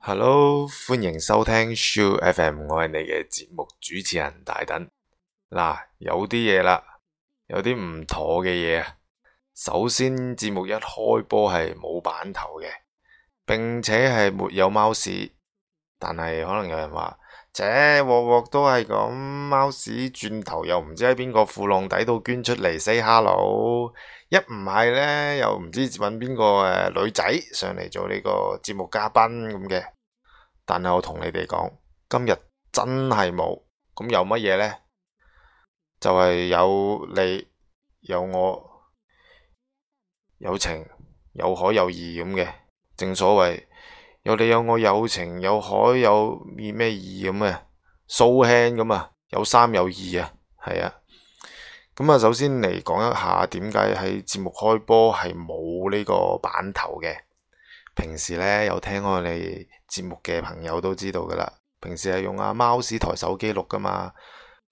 Hello，歡迎收聽 SooFM，我係你嘅節目主持人大躉嗱，有啲嘢啦，有啲唔妥嘅嘢啊。首先，節目一開波係冇版頭嘅，並且係沒有貓屎，但係可能有人話。這鑊鑊都係咁，貓屎轉頭又唔知喺邊個褲籠底度捐出嚟 say hello，一唔係呢，又唔知揾邊個女仔上嚟做呢個節目嘉賓咁嘅。但係我同你哋講，今日真係冇。咁有乜嘢呢？就係有你，有我，有情，有可有義咁嘅。正所謂。有你有我有情有海有，意有，有二咩二咁嘅數輕咁啊，有三有二啊係啊。咁啊，首先嚟講一下點解喺節目開波係冇呢個版頭嘅。平時呢，有聽我哋節目嘅朋友都知道噶啦，平時係用阿貓屎台手機錄噶嘛，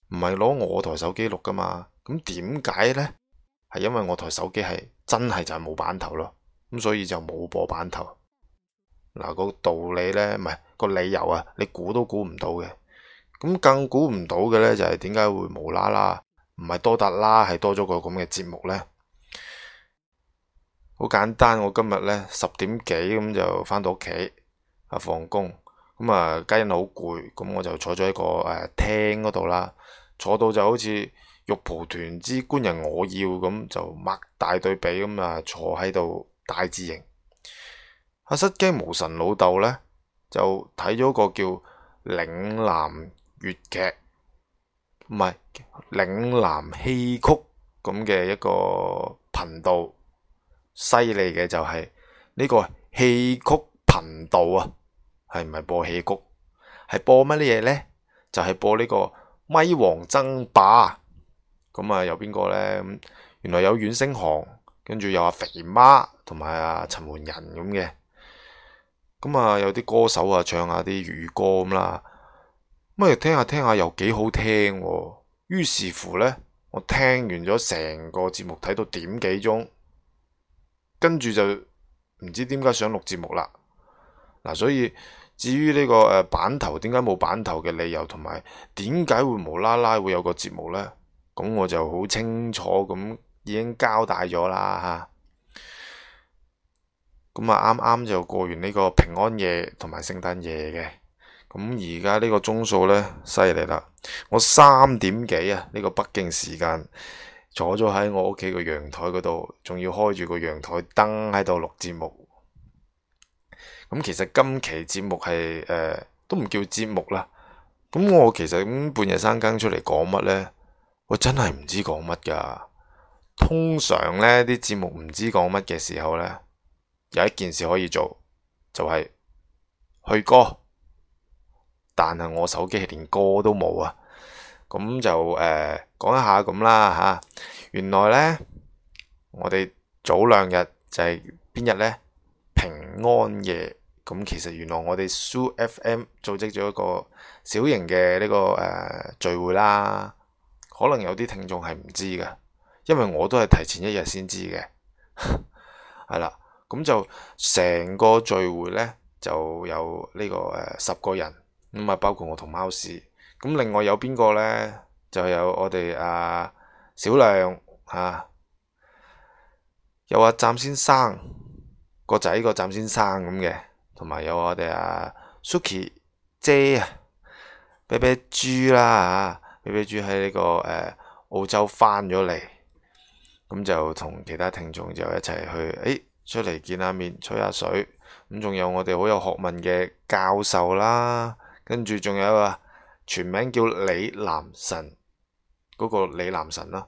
唔係攞我台手機錄噶嘛。咁點解呢？係因為我台手機係真係就係冇版頭咯，咁所以就冇播版頭。嗱個道理咧，唔係個理由啊，你估都估唔到嘅。咁更估唔到嘅咧，就係點解會無啦啦，唔係多達啦，係多咗個咁嘅節目咧。好簡單，我今日咧十點幾咁就返到屋企啊放工，咁啊家人好攰，咁我就坐咗喺個誒廳嗰度啦，坐到就好似玉蒲團之官人我要咁就擘大對比咁啊坐喺度大字形。啊、失驚無神老豆呢，就睇咗個叫嶺南粵劇，唔係嶺南戲曲咁嘅一個頻道。犀利嘅就係呢個戲曲頻道啊，係唔係播戲曲？係播乜嘢呢？就係、是、播呢個咪王爭霸咁啊！有邊個呢？咁原來有阮星航，跟住有阿肥媽同埋阿陳煥仁咁嘅。咁啊，有啲歌手啊，唱下啲粵語歌咁啦，咁啊聽下聽下又幾好聽，於是乎呢，我聽完咗成個節目睇到點幾鐘，跟住就唔知點解想錄節目啦，嗱、啊，所以至於呢、呢個誒、呃、版頭點解冇版頭嘅理由，同埋點解會無啦啦會有個節目呢？咁我就好清楚咁已經交代咗啦吓。咁啊，啱啱就過完呢個平安夜同埋聖誕夜嘅，咁而家呢個鐘數呢，犀利啦！我三點幾啊？呢個北京時間，坐咗喺我屋企個陽台嗰度，仲要開住個陽台燈喺度錄節目。咁其實今期節目係誒、呃，都唔叫節目啦。咁我其實咁半夜三更出嚟講乜呢？我真係唔知講乜噶。通常呢啲節目唔知講乜嘅時候呢。有一件事可以做，就係、是、去歌，但係我手機連歌都冇啊！咁就誒講、呃、一下咁啦吓，原來咧我哋早兩日就係邊日咧平安夜，咁其實原來我哋 SooFM 組織咗一個小型嘅呢、這個誒、呃、聚會啦，可能有啲聽眾係唔知嘅，因為我都係提前一日先知嘅，係 啦。咁就成個聚會呢，就有呢、這個誒十、呃、個人，咁啊包括我同貓屎，咁另外有邊個呢？就有我哋阿、啊、小亮吓、啊，有阿、啊、湛先生個仔個湛先生咁嘅，同埋有我哋阿 Suki 姐伯伯啊，BB 豬啦吓，BB 豬喺呢個誒、呃、澳洲翻咗嚟，咁就同其他聽眾就一齊去誒。哎出嚟見下面，吹下水，咁仲有我哋好有學問嘅教授啦，跟住仲有啊，全名叫李南神嗰個李南神啦，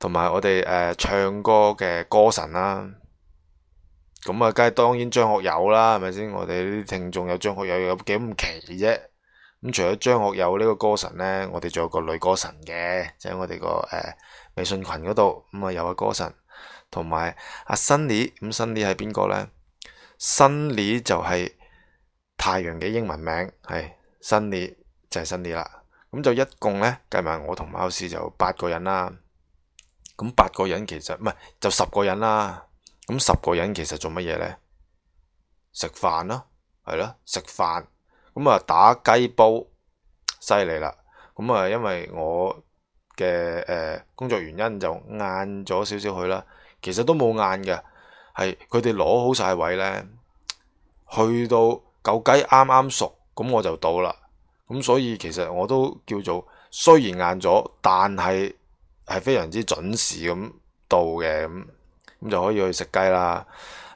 同埋我哋誒唱歌嘅歌神啦，咁啊，梗係當然張學友啦，係咪先？我哋呢啲聽眾有張學友，有幾咁奇啫。咁除咗張學友呢個歌神呢，我哋仲有個女歌神嘅，即係我哋個誒微信群嗰度，咁啊有個歌神。同埋阿 Sunni 咁 Sunni 係邊個咧？Sunni 就係太陽嘅英文名，係 Sunni 就係 Sunni 啦。咁就一共咧計埋我同馬老師就八個人啦。咁八個人其實唔係就十個人啦。咁十個人其實做乜嘢咧？食飯咯，係咯，食飯。咁啊打雞煲犀利啦。咁啊因為我。嘅誒、呃、工作原因就晏咗少少去啦，其實都冇晏嘅，係佢哋攞好晒位呢，去到嚿雞啱啱熟，咁我就到啦。咁所以其實我都叫做雖然晏咗，但係係非常之準時咁到嘅，咁咁就可以去食雞啦。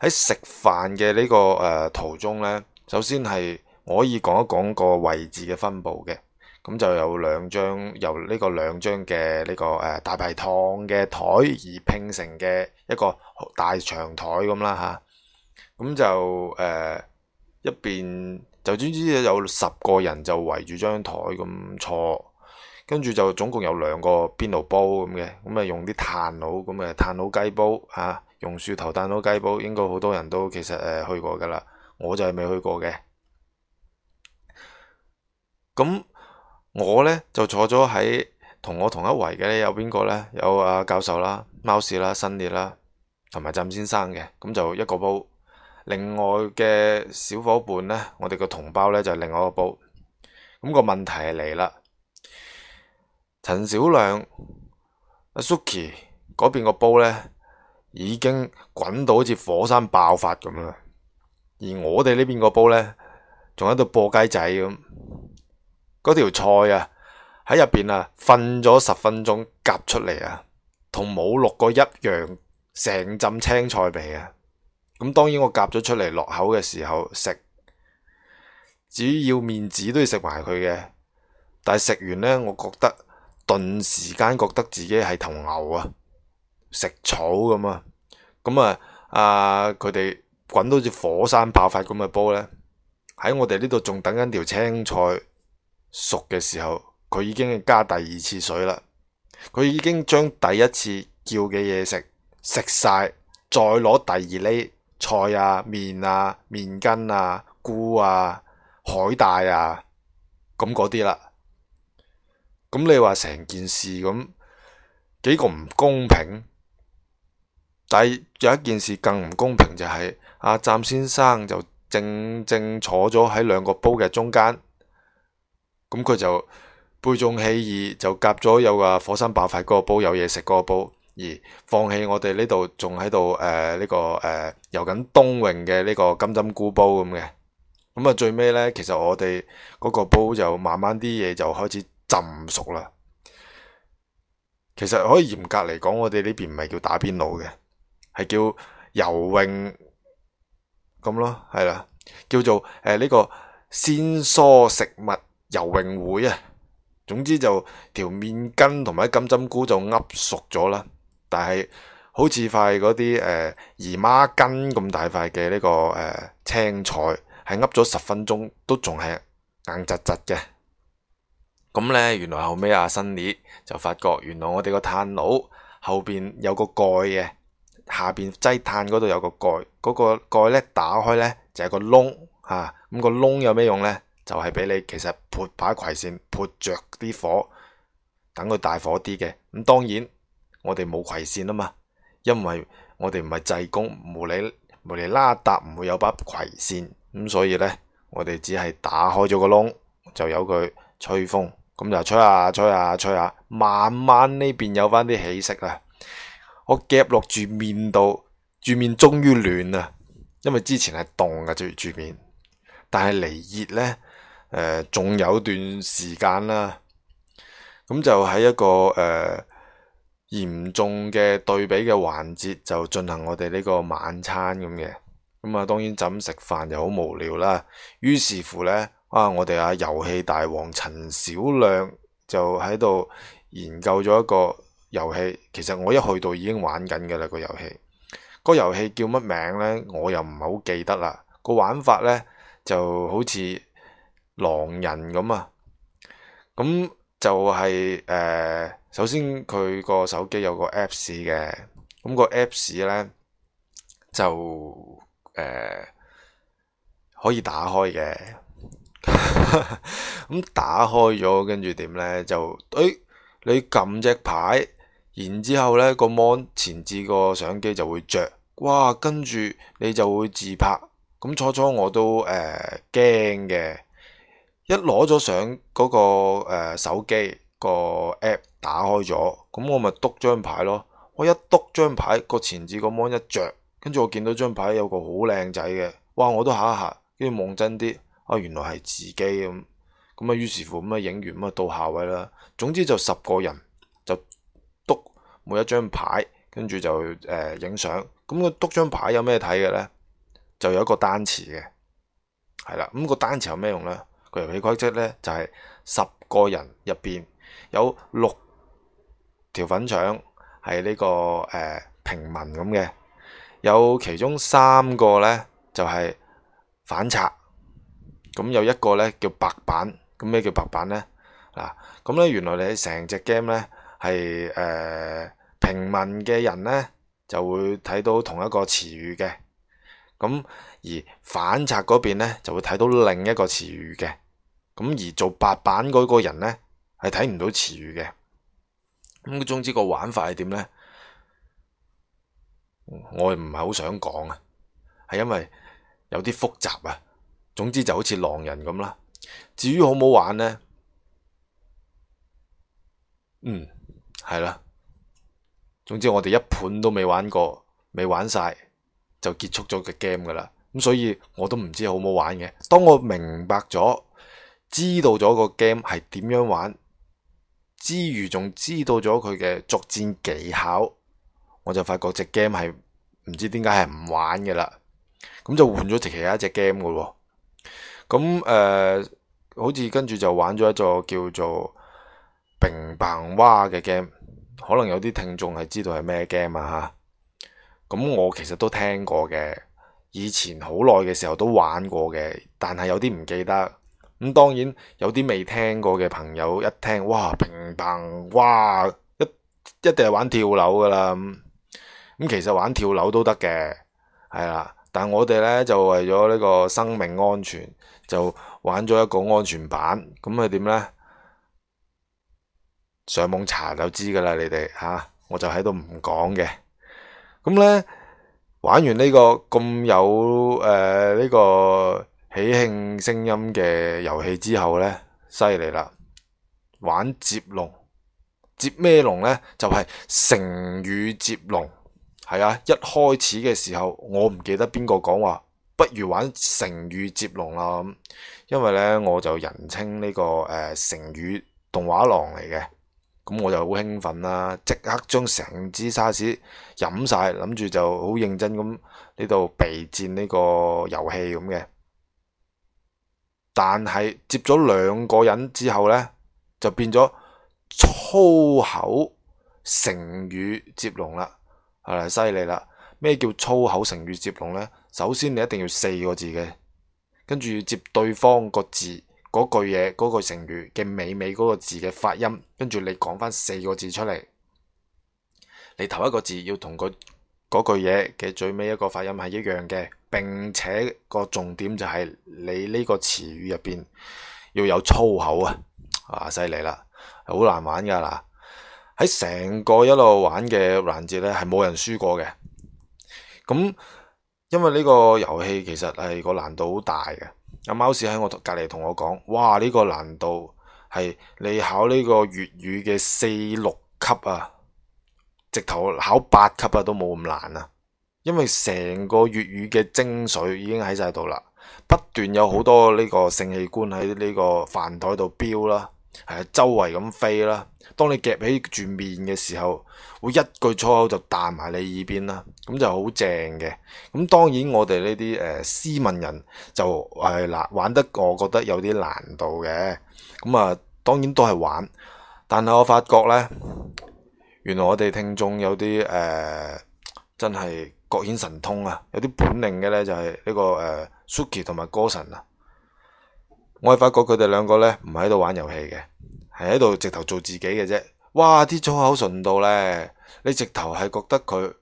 喺食飯嘅呢、呢個誒、呃、途中呢，首先係可以講一講個位置嘅分佈嘅。咁就有兩張由呢個兩張嘅呢個誒、呃、大排檔嘅台而拼成嘅一個大長台咁啦吓，咁、啊、就誒、呃、一邊就總之有十個人就圍住張台咁坐，跟住就總共有兩個邊爐煲咁嘅，咁啊用啲炭爐咁嘅炭爐雞煲嚇，用雪、啊、頭炭爐雞煲，應該好多人都其實誒、呃、去過噶啦，我就係未去過嘅，咁。我咧就坐咗喺同我同一圍嘅有邊個咧？有阿、啊、教授啦、貓屎啦、新列啦，同埋浸先生嘅，咁就一個煲。另外嘅小伙伴咧，我哋個同胞咧就是、另外一個煲。咁、那個問題嚟啦，陳小亮阿、啊、Suki 嗰邊個煲咧已經滾到好似火山爆發咁啦，而我哋呢邊個煲咧仲喺度播雞仔咁。嗰條菜啊，喺入邊啊，瞓咗十分鐘夾出嚟啊，同冇落過一樣，成浸青菜味啊！咁、嗯、當然我夾咗出嚟落口嘅時候食，至於要面子都要食埋佢嘅。但係食完呢，我覺得頓時間覺得自己係頭牛啊，食草咁啊！咁、嗯、啊，阿佢哋滾到好似火山爆發咁嘅煲呢，喺我哋呢度仲等緊條青菜，熟嘅時候，佢已經加第二次水啦。佢已經將第一次叫嘅嘢食食晒，再攞第二呢菜啊、麵啊、麵筋啊、菇啊、海帶啊咁嗰啲啦。咁你話成件事咁幾個唔公平？但係有一件事更唔公平就係阿湛先生就正正坐咗喺兩個煲嘅中間。咁佢就背中起義，就夾咗有啊火山爆發個煲，有嘢食個煲，而放棄我哋呢度仲喺度誒呢個誒游緊冬泳嘅呢個金針菇煲咁嘅。咁啊最尾呢，其實我哋嗰個煲就慢慢啲嘢就開始浸熟啦。其實可以嚴格嚟講，我哋呢邊唔係叫打邊爐嘅，係叫游泳咁咯，係啦，叫做誒呢、呃這個鮮蔬食物。游泳會啊，總之就條麵筋同埋金針菇就噏熟咗啦。但係好似塊嗰啲誒姨媽巾咁大塊嘅呢、這個誒、呃、青菜，係噏咗十分鐘都仲係硬窒窒嘅。咁呢，原來後尾阿新烈就發覺，原來我哋個炭爐後邊有個蓋嘅，下邊擠炭嗰度有個蓋，嗰個蓋呢、那個、打開呢，就係、是、個窿嚇。咁、啊那個窿有咩用呢？就係俾你其實潑把葵扇潑着啲火，等佢大火啲嘅。咁當然我哋冇葵扇啊嘛，因為我哋唔係濟公，無理無厘啦達，唔會，會有把葵扇。咁所以咧，我哋只係打開咗個窿，就有佢吹風，咁就吹下、啊、吹下、啊、吹下、啊啊，慢慢呢邊有翻啲起色啦。我夾落住面度，住面終於暖啦，因為之前係凍噶住住面，但係嚟熱咧。誒仲、呃、有段時間啦，咁、嗯、就喺一個誒、呃、嚴重嘅對比嘅環節，就進行我哋呢個晚餐咁嘅。咁、嗯、啊，當然咁食飯又好無聊啦。於是乎呢，啊，我哋啊遊戲大王陳小亮就喺度研究咗一個遊戲。其實我一去到已經玩緊嘅啦，個遊戲。個遊戲叫乜名呢？我又唔係好記得啦。個玩法呢，就好似～狼人咁啊，咁就係、是、誒、呃，首先佢個手機有個 apps 嘅，咁個 apps 咧，就誒、呃、可以打開嘅。咁 打開咗，跟住點咧就誒、欸，你撳隻牌，然之後咧，個 mon 前置個相機就會着。哇，跟住你就會自拍。咁初初我都誒驚嘅。呃一攞咗上嗰、個誒、呃、手機個 app 打開咗，咁我咪督張牌咯。我一督張牌，個前置個芒一着，跟住我見到張牌有個好靚仔嘅，哇！我都嚇一嚇，跟住望真啲，啊，原來係自己咁。咁啊，於是乎咁啊影完咁啊到下位啦。總之就十個人就督每一張牌，跟住就誒影相。咁、呃、個督張牌有咩睇嘅咧？就有一個單詞嘅，係啦。咁、個單詞有咩用咧？個遊戲規則咧，就係十個人入邊有六條粉腸係呢個誒平民咁嘅，有其中三個咧就係反賊，咁有一個咧叫白板。咁咩叫白板咧？嗱，咁咧原來你成隻 game 咧係誒平民嘅人咧就會睇到同一個詞語嘅。咁而反拆嗰邊呢，就會睇到另一個詞語嘅。咁而做白板嗰個人呢，係睇唔到詞語嘅。咁總之個玩法係點呢？我唔係好想講啊，係因為有啲複雜啊。總之就好似狼人咁啦。至於好唔好玩呢？嗯，係啦。總之我哋一盤都未玩過，未玩晒。就結束咗個 game 噶啦，咁所以我都唔知好唔好玩嘅。當我明白咗、知道咗個 game 係點樣玩之餘，仲知道咗佢嘅作戰技巧，我就發覺隻 game 係唔知點解係唔玩噶啦。咁就換咗隻其他一隻 game 噶喎。咁誒、呃，好似跟住就玩咗一座叫做《並棒蛙》嘅 game，可能有啲聽眾係知道係咩 game 啊吓。咁我其實都聽過嘅，以前好耐嘅時候都玩過嘅，但係有啲唔記得。咁當然有啲未聽過嘅朋友一聽，哇！乒乓，哇！一一定係玩跳樓噶啦。咁、嗯、其實玩跳樓都得嘅，係啦。但我哋呢，就為咗呢個生命安全，就玩咗一個安全版。咁係點呢？上網查就知噶啦，你哋吓、啊，我就喺度唔講嘅。咁呢，玩完呢、呢個咁有誒呢、呃呢個喜慶聲音嘅遊戲之後呢，犀利啦！玩接龍，接咩龍呢？就係、是、成語接龍，係啊！一開始嘅時候，我唔記得邊個講話，不如玩成語接龍啦咁，因為呢，我就人稱呢、呢個誒、呃、成語動畫廊嚟嘅。咁我就好興奮啦，即刻將成支沙士飲晒，諗住就好認真咁呢度備戰呢個遊戲咁嘅。但係接咗兩個人之後呢，就變咗粗口成語接龍啦，係啦，犀利啦！咩叫粗口成語接龍呢？首先你一定要四個字嘅，跟住要接對方個字。嗰句嘢嗰句成語嘅尾尾嗰個字嘅發音，跟住你講翻四個字出嚟，你頭一個字要同嗰句嘢嘅最尾一個發音係一樣嘅，並且個重點就係你呢個詞語入邊要有粗口啊！啊，犀利啦，好難玩噶啦，喺成個一路玩嘅環節呢，係冇人輸過嘅。咁因為呢個遊戲其實係個難度好大嘅。阿貓屎喺我隔離同我講：「哇！呢個難度係你考呢個粵語嘅四六級啊，直頭考八級啊都冇咁難啊，因為成個粵語嘅精髓已經喺晒度啦，不斷有好多呢個性器官喺呢個飯台度飆啦。係啊，周圍咁飛啦。當你夾起住面嘅時候，會一句粗口就彈埋你耳邊啦。咁就好正嘅。咁當然我哋呢啲誒斯文人就係難、呃、玩得，我覺得有啲難度嘅。咁啊，當然都係玩。但係我發覺咧，原來我哋聽眾有啲誒、呃、真係各顯神通啊，有啲本領嘅咧就係、是、呢、呢個誒、呃、Suki 同埋歌神啊。我係發覺佢哋兩個呢唔係喺度玩遊戲嘅，係喺度直頭做自己嘅啫。哇！啲粗口順到呢，你直頭係覺得佢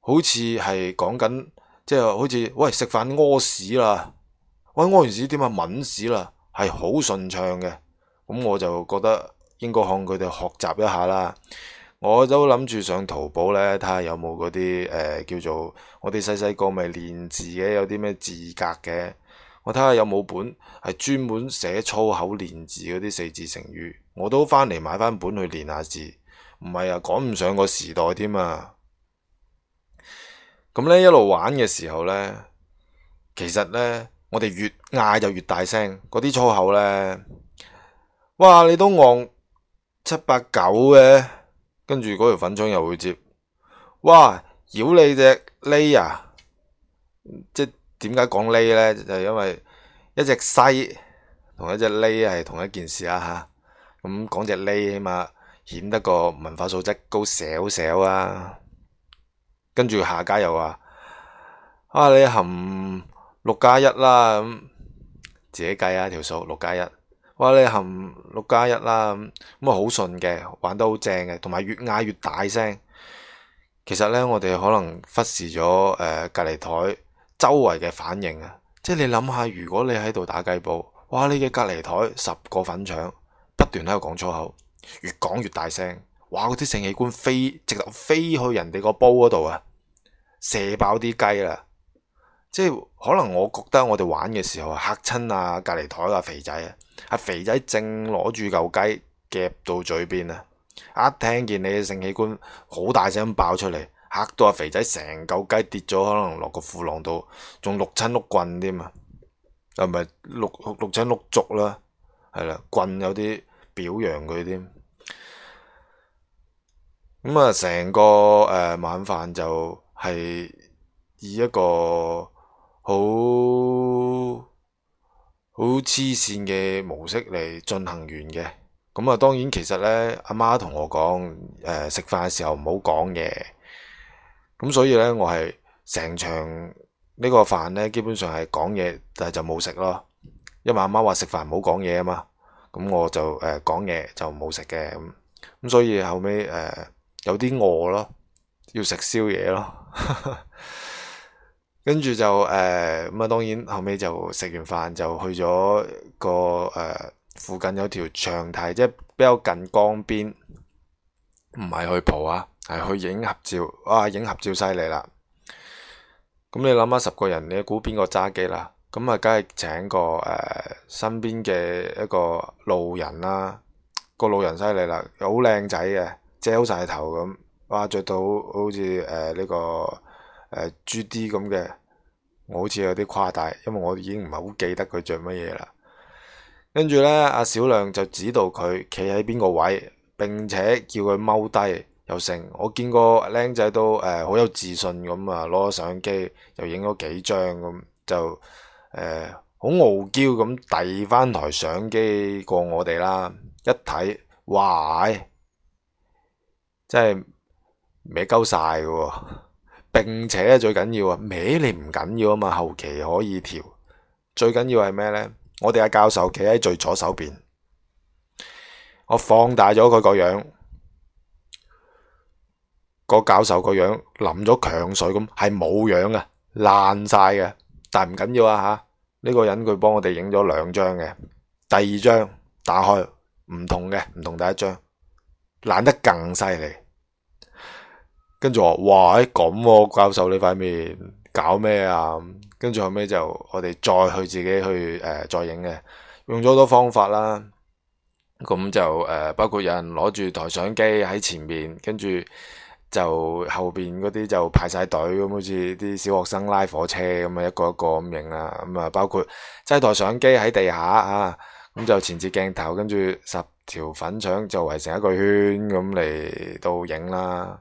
好似係講緊，即係好似喂食飯屙屎啦，喂屙完屎點啊抆屎啦，係好順暢嘅。咁我就覺得應該向佢哋學習一下啦。我都諗住上淘寶呢，睇下有冇嗰啲誒叫做我哋細細個咪練字嘅，有啲咩字格嘅。我睇下有冇本係專門寫粗口練字嗰啲四字成語，我都翻嚟買翻本去練下字。唔係啊，趕唔上個時代添啊！咁呢一路玩嘅時候呢，其實呢，我哋越嗌就越大聲，嗰啲粗口呢，哇，你都戇七八九嘅，啊，跟住嗰條粉腸又會接，哇，妖你隻呢啊！即點解講呢咧？就因為一隻西同一隻呢係同一件事啊！吓咁講只呢起碼顯得個文化素質高少少啊。跟住下家又話：啊你含六加一啦咁，自己計下條數六加一、啊。哇你含六加一啦咁咁啊好順嘅，玩得好正嘅，同埋越嗌越大聲。其實呢，我哋可能忽視咗誒、呃、隔籬台。周圍嘅反應啊，即係你諗下，如果你喺度打雞煲，哇！你嘅隔離台十個粉腸不斷喺度講粗口，越講越大聲，哇！嗰啲性器官飛直頭飛去人哋個煲嗰度啊，射爆啲雞啦！即係可能我覺得我哋玩嘅時候啊，嚇親啊，隔離台啊肥仔啊，阿肥仔正攞住嚿雞夾到嘴邊啊，一聽見你嘅性器官好大聲咁爆出嚟～嚇到阿肥仔成嚿雞跌咗，可能落個褲浪度，仲碌親碌棍添啊，又唔係碌碌碌親碌竹啦，係啦，棍有啲表揚佢添。咁、嗯、啊，成個誒、呃、晚飯就係以一個好好黐線嘅模式嚟進行完嘅。咁、嗯、啊，當然其實咧，阿媽同我講誒食飯嘅時候唔好講嘢。咁所以咧，我係成場呢個飯咧，基本上係講嘢，但係就冇食咯，因為阿媽，媽話食飯唔好講嘢啊嘛。咁我就誒講嘢就冇食嘅。咁所以後尾誒、呃、有啲餓咯，要食宵夜咯。 跟住就誒咁啊，當然後尾就食完飯就去咗個誒、呃、附近有條長堤，即係比較近江邊。唔係去蒲啊，係去影合照。哇、啊，影合照犀利啦！咁、嗯、你諗下十個人，你估邊、嗯、個揸機啦？咁、呃、啊，梗係請個誒身邊嘅一個路人啦。個路人犀利啦，好靚仔嘅，遮好晒頭咁。哇，着到好似誒呢個誒 GD 咁嘅。我好似有啲誇大，因為我已經唔係好記得佢着乜嘢啦。跟住咧，阿、啊、小亮就指導佢企喺邊個位。並且叫佢踎低又成，我見過僆仔，都誒好、呃、有自信咁啊，攞咗相機又影咗幾張，咁就誒好、呃、傲嬌咁遞翻台相機過我哋啦。一睇哇，真係歪鳩晒嘅，並且最緊要啊，歪你唔緊要啊嘛，後期可以調。最緊要係咩咧？我哋阿教授企喺最左手邊。我放大咗佢個樣，個教授個樣淋咗強水咁，係冇樣嘅，爛晒嘅，但唔緊要啊吓。呢、這個人佢幫我哋影咗兩張嘅，第二張打開唔同嘅，唔同第一張，爛得更犀利。跟住我話，哇！咁、啊、教授呢塊面搞咩啊？跟住後尾就我哋再去自己去誒、呃、再影嘅，用咗好多方法啦。咁就誒，包括有人攞住台相機喺前面，跟住就後邊嗰啲就排晒隊，咁好似啲小學生拉火車咁啊，一個一個咁影啦。咁啊，包括揸台相機喺地下啊，咁就前置鏡頭，跟住十條粉腸就圍成一個圈咁嚟到影啦。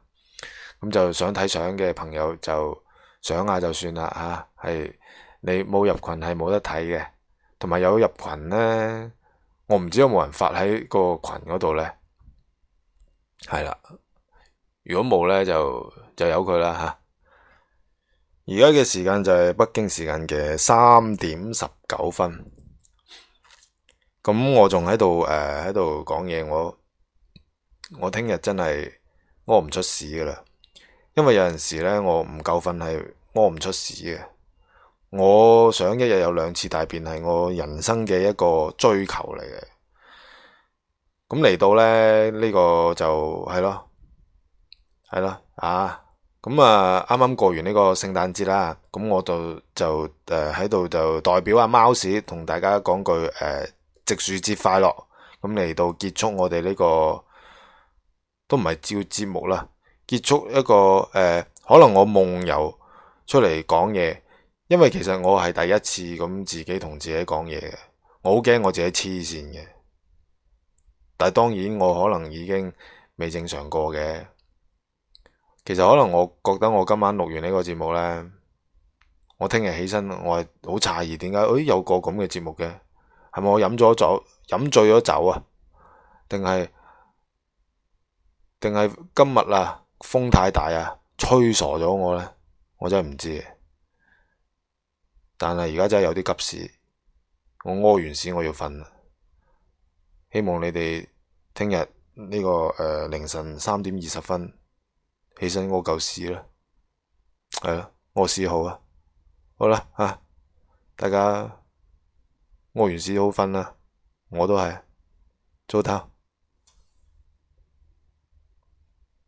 咁就想睇相嘅朋友就想下就算啦吓，係你冇入群係冇得睇嘅，同埋有入群咧。我唔知有冇人發喺個群嗰度呢？係啦。如果冇呢，就就由佢啦吓。而家嘅時間就係北京時間嘅三點十九分。咁我仲喺度誒喺度講嘢，我我聽日真係屙唔出屎噶啦。因為有陣時咧，我唔夠瞓係屙唔出屎嘅。我想一日有兩次大便係我人生嘅一個追求嚟嘅。咁嚟到咧呢個就係咯，係咯啊。咁啊，啱啱過完呢個聖誕節啦，咁我就就誒喺度就代表阿貓屎同大家講句誒，植、呃、樹節快樂。咁嚟到結束我哋呢個都唔係照節目啦，結束一個誒、呃，可能我夢遊出嚟講嘢。因為其實我係第一次咁自己同自己講嘢嘅，我好驚我自己黐線嘅。但係當然我可能已經未正常過嘅。其實可能我覺得我今晚錄完呢個節目呢，我聽日起身我係好詫異，點解？誒、哎，有個咁嘅節目嘅，係咪我飲咗酒、飲醉咗酒啊？定係定係今日啊，風太大啊，吹傻咗我呢？我真係唔知。但係而家真係有啲急事，我屙完屎我要瞓啦。希望你哋聽日呢個誒、呃、凌晨三點二十分起身屙舊屎啦，係、哎、咯，屙屎好啊。好啦吓、啊，大家屙完屎好瞓啦，我都係早唞。